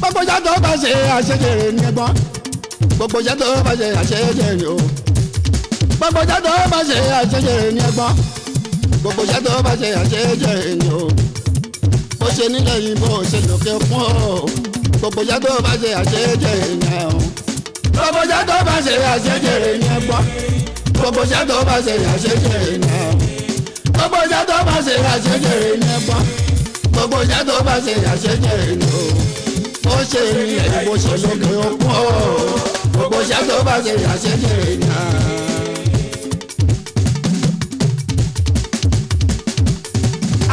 gbogbo jàdó bá ṣe àṣejèrè nígbọ́n gbogbo jàdó bá ṣe àṣejèrè o gbogbo jàdó bá ṣe àṣejèrè nígbọ́n gbogbo jàdó bá ṣe àṣejèrè ni o ṣe nílẹ̀ òyìnbó ṣe lókè fún ọ gbogbo ìyá tó bá ṣe àṣejẹ èèyàn o gbogbo ìyá tó bá ṣe àṣejẹ èèyàn gbọ́ gbogbo ìyá tó bá ṣe àṣejẹ èèyàn o gbogbo ìyá tó bá ṣe àṣejẹ èèyàn gbọ́ gbogbo ìyá tó bá ṣe àṣejẹ èèyàn o ó ṣe ìrìn ẹ̀yìnbó ṣe lókè fún ọ gbogbo tó bá ṣe àṣejẹ èèyàn.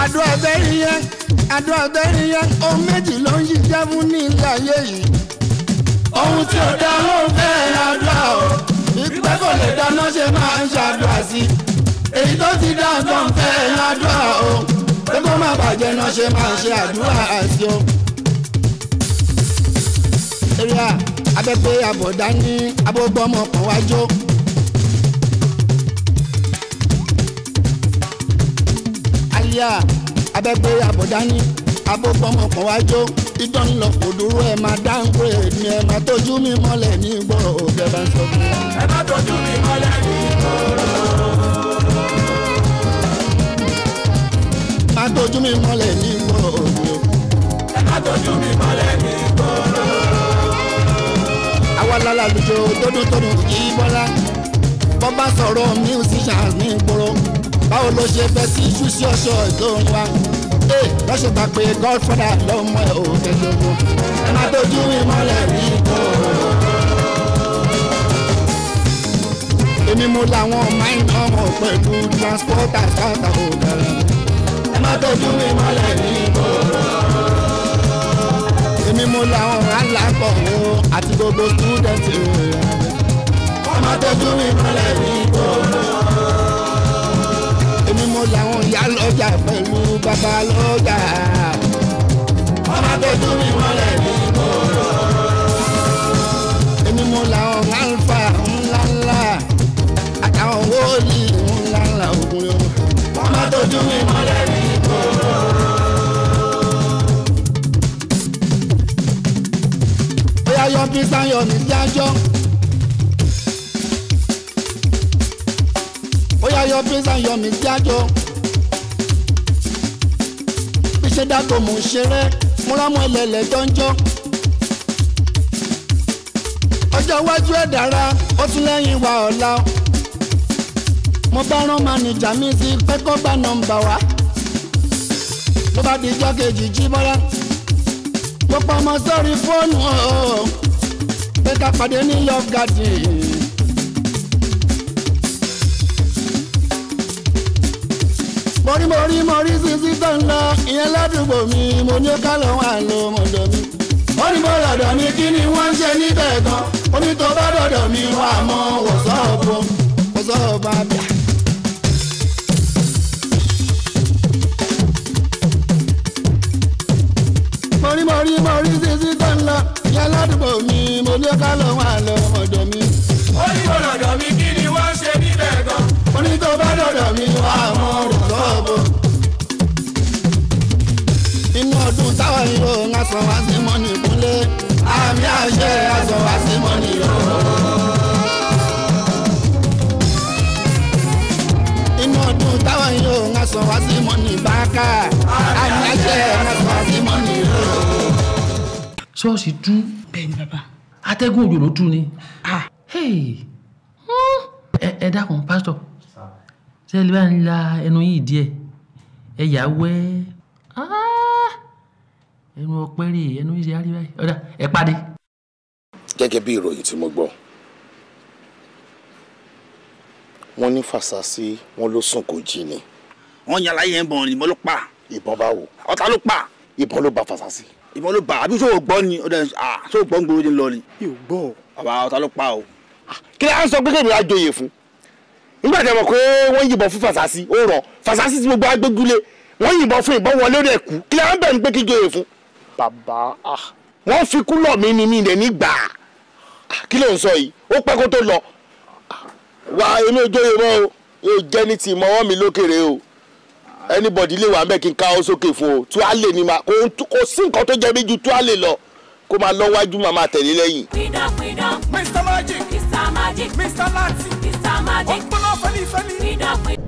àdúrà bẹ́ẹ̀ yẹn àdó àbẹ́ríyá ohun méjì ló ń ṣiṣẹ́ fún ní ilé ayé yìí. ohun tí ò dá ló ń fẹ́ àdúrà o ìpẹ́ kò lè dáná ṣe máa ń ṣàdúrà sí i. èyí tó ti dá tó ń fẹ́ àdúrà o pé kó má bàjẹ́ náà ṣe máa ṣe àdúrà àti o. eré a abẹ́pẹ́ àbọ̀dá ní abọ́gbọ́mọ kan wájú. Yeah abẹ́gbé àbọ̀dání abọ́gbọ́mọkàn wá jó idán lọ kò dúró ẹ máa dáńgbé ni ẹ máa tójú mi mọ́lẹ̀ ní ìgboro òkè bá ń sọ fún mi. ẹ má tójú mi mọ́lẹ̀ ní ìgboro. má tójú mi mọ́lẹ̀ ní ìgboro òkè. ẹ má tójú mi mọ́lẹ̀ ní ìgboro. àwa lálàlùjọ tódúntódún yìí bọ́lá bọ́ bá sọ̀rọ̀ musicians ní ìgboro báwo ló ṣe fẹ́ sí ṣíṣí ọ̀ṣọ́ ìdóhùn wa eh, lọ́sẹ̀ ta pé godfather lọ́mọ ẹ̀ ò kẹ́kẹ́kọ́ ẹ má dojú ìmọ̀lẹ̀ rí tó. èmi mo làwọn máì ọmọ pẹ̀lú transporter fata ògàrà ẹ má dojú ìmọ̀lẹ̀ rí tó. èmi mo làwọn alákọ̀ o àti gbogbo student o ẹ má dojú ìmọ̀lẹ̀ rí tó làwọn ìyá lọ́jà pẹ̀lú bàbá lọ́jà. ọmọ tó tún mi mọ́lẹ̀ ní kóró. èmi mo làwọn alfa ńláńlá àtàwọn wòlíì ńláńlá ògùn yòó. ọmọ tó tún mi mọ́lẹ̀ ní kóró. yọ bí sáyọ ní jájọ́. are your praise and your misjudge. Bí ṣe dáko mò ń ṣeré, mo rámọ ẹlẹ́lẹ̀ jọ́njọ́. Ọjọ́ iwájú ẹ̀ dára, ó tún lẹ́yìn wa ọ̀la. Mo bá rán manager mi sí pẹ́kọ́ bá nọ́mbà wá. Ló bá di ijọ́ kejì jí bọ́lá. Mo ọmọ sórí fóònù ọ̀ọ́. Pé ká pàdé ní Love Garden. mọ̀rí mọ̀rí mọ̀rí sísí tó ń lọ ìyẹn ládùúgbò mi mo ní ó ká lọ wà ló mọ̀ mi. wọ́n ní bọ́ọ̀lù mi kí ni wọ́n ń ṣe níbẹ̀ gan onítọ̀ bá dọ̀dọ̀ mi wà mọ́ òṣọ́ọ̀bọ òṣọ́ọ̀bọ àbíà. mọ̀rí mọ̀rí mọ̀rí sísí tó ń lọ ìyẹn ládùúgbò mi mo ní ká lọ wà ló mọ̀ mi. wọ́n ní bọ́ọ̀lù mi kí ni wọ́n ń ṣe níbẹ̀ gan onítọ̀ bá dọ̀dọ̀ mi wà mọ́ yìí o aṣọ wá sí mọ́nì kúnlé àmì àṣẹ aṣọ wá sí mọ́nì o. inú ọdún táwọn yìí o aṣọ wá sí mọ́nì báàkà àmì àṣẹ aṣọ wá sí mọ́nì o. ṣọ́ọ̀ṣì tú. bẹ́ẹ̀ ni bàbá. atẹ́gùn òjò ló tú ni. Hmm. ẹ dákun pásítọ̀ ṣé lè bá ń la ẹnu yìí díẹ̀ ẹ yà wẹ́ẹ́ ẹnu ọpẹ́ rèé ẹnu yìí ṣe á rí báyìí ọ̀dà ẹ pàdé. gẹ́gẹ́ bí ìròyìn tí mo gbọ́ wọ́n ní fàṣàṣì wọ́n ló sùn kò jí ni. wọ́n yàrá yẹn bọ̀ ìbọn ló pa. ìbọn bá wò. ọ̀tá ló pa. ìbọn ló ba fàṣàṣì. ìbọn ló ba àbí sóò gbọ́ ni ọ̀dà sóò gbọ́ ń gbòòrò ni lọ ni. yóò gbọ́ ọ. àbá ọ̀tá ló pa o. Ah, kí ni à ń sọ pé kéèmí á joyè fún. nígbà tí a mọ̀ pé wọ́n yìnbọn fún fàṣàṣì ó rọ̀ fàṣàṣì tí gbogbo agbégúlé wọ́n yìnbọn fún fún bàbá ah. wọ́n fi kú lọ mí ni mí dẹ̀ nígbà kí ló ń sọ yìí ó pẹ́ kó tó lọ wá èmi ò jóye mọ́ o yóò jẹ́ ní ti ìmọ̀wọ́ mi lókèrè o anybody lè wà ń kí n ká ọ sókè fún o tú á lè ní ma kò sí nǹkan tó jẹ́ mi ju tú á lè lọ kó máa lọ wájú máa máa tẹ̀lé lẹ́yìn. freedom freedom Mr Magic Mr Magic Mr Lati Mr Magic ọ̀pọ̀lọpọ̀ fẹ́lifẹ́li. freedom freedom.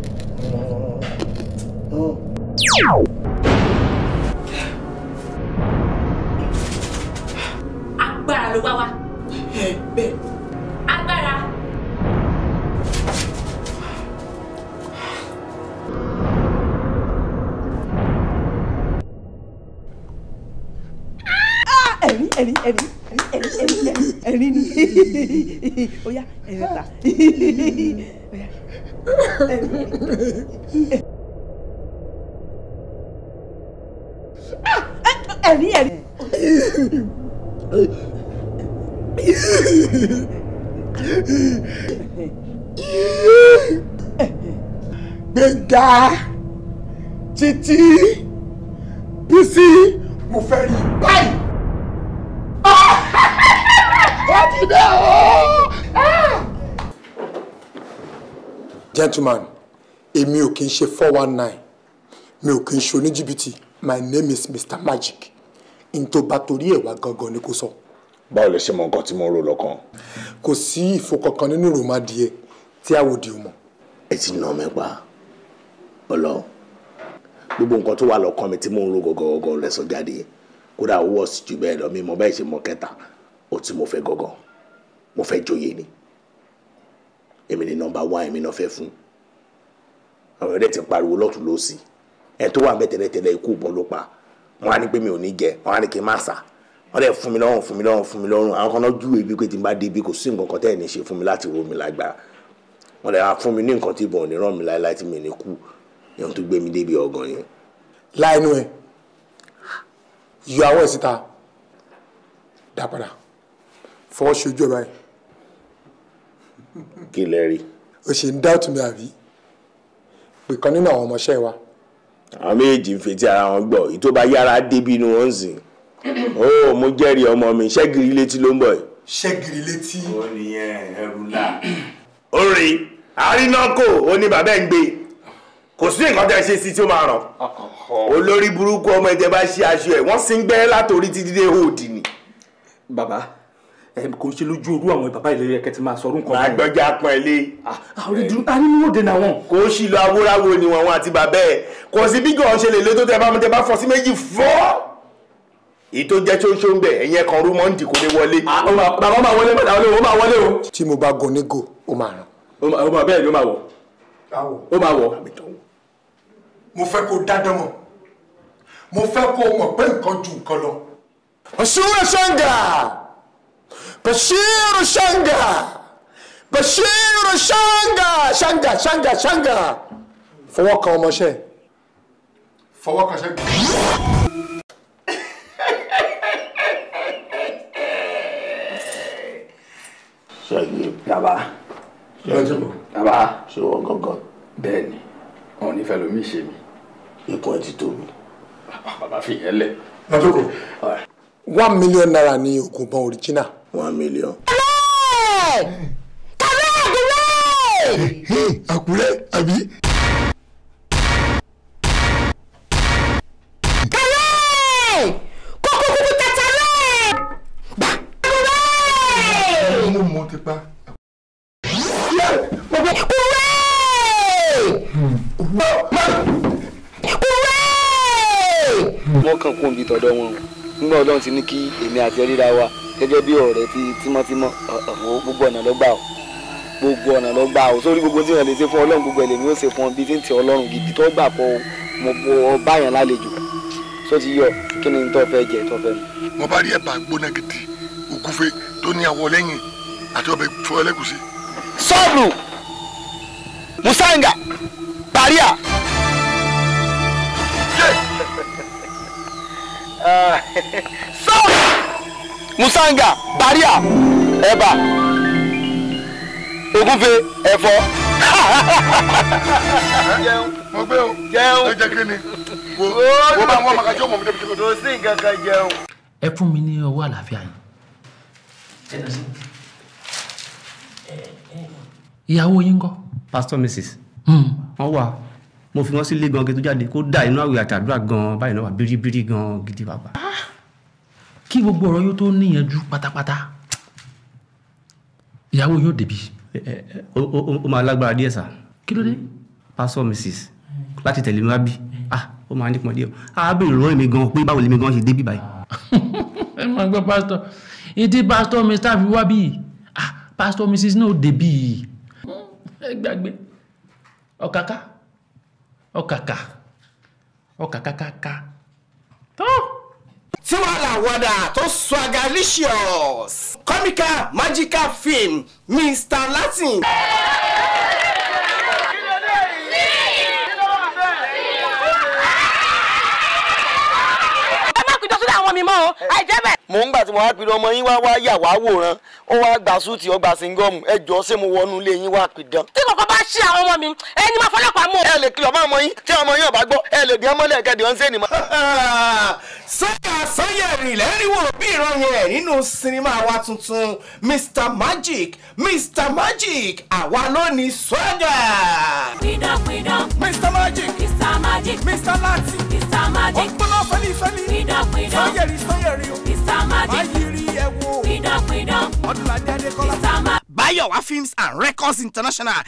Mm. agbára ló wá wá. bẹ́ẹ̀. agbára. ẹ̀rín ẹ̀rín ẹ̀rín ẹ̀rín ẹ̀rín ẹ̀rín ni oya ẹ̀rín ta ẹ̀rín ẹ̀rín gbẹ̀ngà títí bísí mo fẹ́ rí báyìí. gentleman èmi ò kì í ṣe four one nine mi ò kì í ṣe oníjìbìtì my name is mr magic ntòbátorí ẹ̀wà gangan ni kò sọ. So báwo lè ṣe mọ nǹkan tí mo ń rò lọ́kàn. kò sí ìfò kankan nínú ròmádìẹ tí àwòdì ò mọ̀. ẹ ti nà mí pa ọlọ gbogbo nǹkan tó wà lọ́kàn mi tí mò ń ro gọgọgọ rẹ sọ jáde kódà wọ́ọ̀sì jù bẹ́ẹ̀ lọ mi mọ bẹ́ẹ̀ ṣe mọ kẹta ó ti mo fẹ́ gọgọ mo fẹ́ joyè ni èmi ni nọ́mbà wá èmi náà fẹ́ fún àwọn ẹ̀rẹ́ ti pariwo lọ́tún lọ́sì ẹ̀ tó wà mẹ́tẹ̀lẹ́tẹ̀lẹ́ ikú bọ́ ló pa wọ́n á ní pé mi ò ní jẹ wọ́n á ní kí n má sà wọ́n dẹ̀ fún mi lọ́rùn fún mi lọ́rùn fún mi lọ́rùn àwọn kan náà júwèé bí pé tí n bá dé ibi kò sí nǹkan kan tẹ́ ẹ̀ ní ṣe fún mi láti wo mi lágbà wọ́n dẹ̀ fún mi ní nǹkan tí ìbọn ò ní ràn mí láéláé tí mi ní kú ìyẹn tó gbé mi débi ọgàn yẹn. láìnú ẹ yọ àwọn ìsìta dá padà fọwọ́ ṣe ojú ẹ báyìí. kí lẹ rí. o ṣe ń dá òtún mi àbí pè kan nínú àwọn ọmọọṣẹ́ wa. àwọn méjèèjì ń fetí ara wọn gbọ́ èyí tó bá yára débi inú wọn ó (coughs) oh, mo jẹ́rìí ọmọ mi ṣẹ́gìrì létí ló ń bọ̀ yìí. ṣẹ́gìrì létí. ó ní ẹrù ńlá. orin (coughs) àrínákò oní bàbá ẹ̀ ń gbé kò sí nǹkan tẹ́ ṣe sí tí ó máa ràn olórí burúkú ọmọ ẹ̀jẹ̀ bá ṣe aṣọ ẹ̀ wọ́n sì ń gbẹ́ látòrí títí dé òdì ni. bàbá kò ṣe lójú orú àwọn bàbá ìlérí ẹ̀kẹ́ ti máa sọ̀rọ̀ nǹkan. máa gbọ́jà pọ̀ ẹ̀ àwọn ìdúró ta nínú òde náà wọn. kò sí lọ awóráwo ni wọn àti bàbá ẹ kò sí bí gàn ṣe lè lé tó tẹ bá mọ tẹ bá fọ sí méjì fọ́ èyí tó jẹ́ tó ṣó ń bẹ̀ ẹ̀yìn ẹ̀kan rú mọ́ndì kò ní wọlé. Ah, bàbá máa wọlé bàbá ó máa wọlé o. tí mo bá gọ ní go ó máa ràn. ó máa bẹ́ẹ̀ ni ó máa wọ̀ ó máa wọ̀. mo fẹ́ kó dáná mọ̀ mo fẹ́ kó mọ̀ pé nǹkan ju nǹkan lọ. Bashir Shanga Bashir Shanga Bashir Shanga Shanga Shanga Shanga fọwọ́ kan ọmọṣẹ́. fọwọ́ kan ṣẹ́gun. Bàbá. Lọ́sọ̀bọ̀. Bàbá. Ṣé gangan? Bẹ́ẹ̀ni, wọn ò lomi ṣe mi. Ikùn ẹ ti tó mi. Bàbá fi yẹn lẹ̀. Lọ́sọ̀kọ̀. One million naira ni oògùn original. One million. Kàbẹ́ Àkúrẹ́! Àkúrẹ́ àbí? wọ́n kàn kó omi tọ̀dọ̀ wọn nígbà ọlọ́run ti ní kí èmi àti ríra wa gẹ́gẹ́ bí ọ̀rẹ́ ti tímọ́tímọ́ gbogbo ọ̀nà ló gbà ọ́ gbogbo ọ̀nà ló gbà ọ́ sórí gbogbo tí wọ́n lè ṣe fún ọlọ́run gbogbo ẹlẹ́mi ó ṣe fún ọ bí tí ń tẹ ọlọ́run gidi tó gbà pọ̀ mọ̀ pọ̀ ọba yẹn lálejò tó ti yọ kí ni tó fẹ́ jẹ tó fẹ́ mu. wọn bá rí ẹ̀bà gbóná gidi ògúfe tó ní àwọ̀ lẹ́yìn àti ọbẹ̀ fún sọ́ọ̀lù musanga paria. Uh, (laughs) musanga baria ẹ̀bà ògúnfe ẹ̀fọ́. jẹun mo gbé o jẹun ẹ jẹ kí ni wo wo bá wọn màkàjọ mọ mi débi tó. kò sí nǹkan kan jẹun. ẹ fún mi ní ọwọ́ àlàáfíà yìí. ìyàwó yín ń pastor mrs. Hmm. wọ́n wà mo fi wọn sílé gan gẹ́tọ́ jáde kó dà inú àwẹ̀ àtàdúrà gan báyìí náà wà bíríbírí gan gidi bàbá. Ah! kí gbogbo ọ̀rọ̀ yóò tó níyanjú pátápátá ìyàwó yóò débi. o máa lágbára díẹ̀ sá. kí ló dé. pastor mrs hmm. láti tẹ̀lé mi wá bí hmm. ah, ó máa nípọn díẹ̀ á béèrè lọ́rọ̀ mi gan pé báwo lèmi gan ṣe débi báyìí. (laughs) ẹ máa gbọ́ pásítọ̀ ìdí pásítọ̀ mr fi wá bí ah, pastor mrs náà débi hmm, ẹ gbàgbé ọ̀kàkà ọkàkà ọkàkà kàkà tán. tí wàhálà wàdà tó swagalicious comical magical film Mr. Latin. mi mọ́ o àìjẹ́ bẹ́ẹ̀. mò ń gbà tí mo wá pidán ọmọ yín wá wá yà wá wòran ó wá gba súùtì ọgbà síngọ́ọ̀mù ẹ jọ ṣé mo wọnú ilé yín wá pidán. tí kòkó bá ṣí àwọn ọmọ mi ẹni máa fọlọ́pàá mú. ẹ lè kìlọ̀ bá ọmọ yín tí ọmọ yín ọba gbọ́ ẹ lè dín ọmọlẹ̀ kẹ́dì ọ̀n sẹ́ni mọ́. (laughs) sọ́yà sọ́yà ìrìnlẹ̀ ríwò bí ìran yẹn nínú sinimá wa tuntun Mr Magic Mr Magic àwa ló ní sọ́yà. pidán pidán Mr Magic. Mr. Mr. Magic. Mr. Lati. Mr. Magic. Ọ̀pọ̀lọ́ fẹ́lí fẹ́lí. Pidán pidán. Sọ́yẹ̀rì sọ́yẹ̀rì o. Mr. Magic. Máyìrì ẹ̀ wo. Pidán pidán. Ọdúnladé Adékọ́lá. Mr. Magic. Bayowa Films and Records International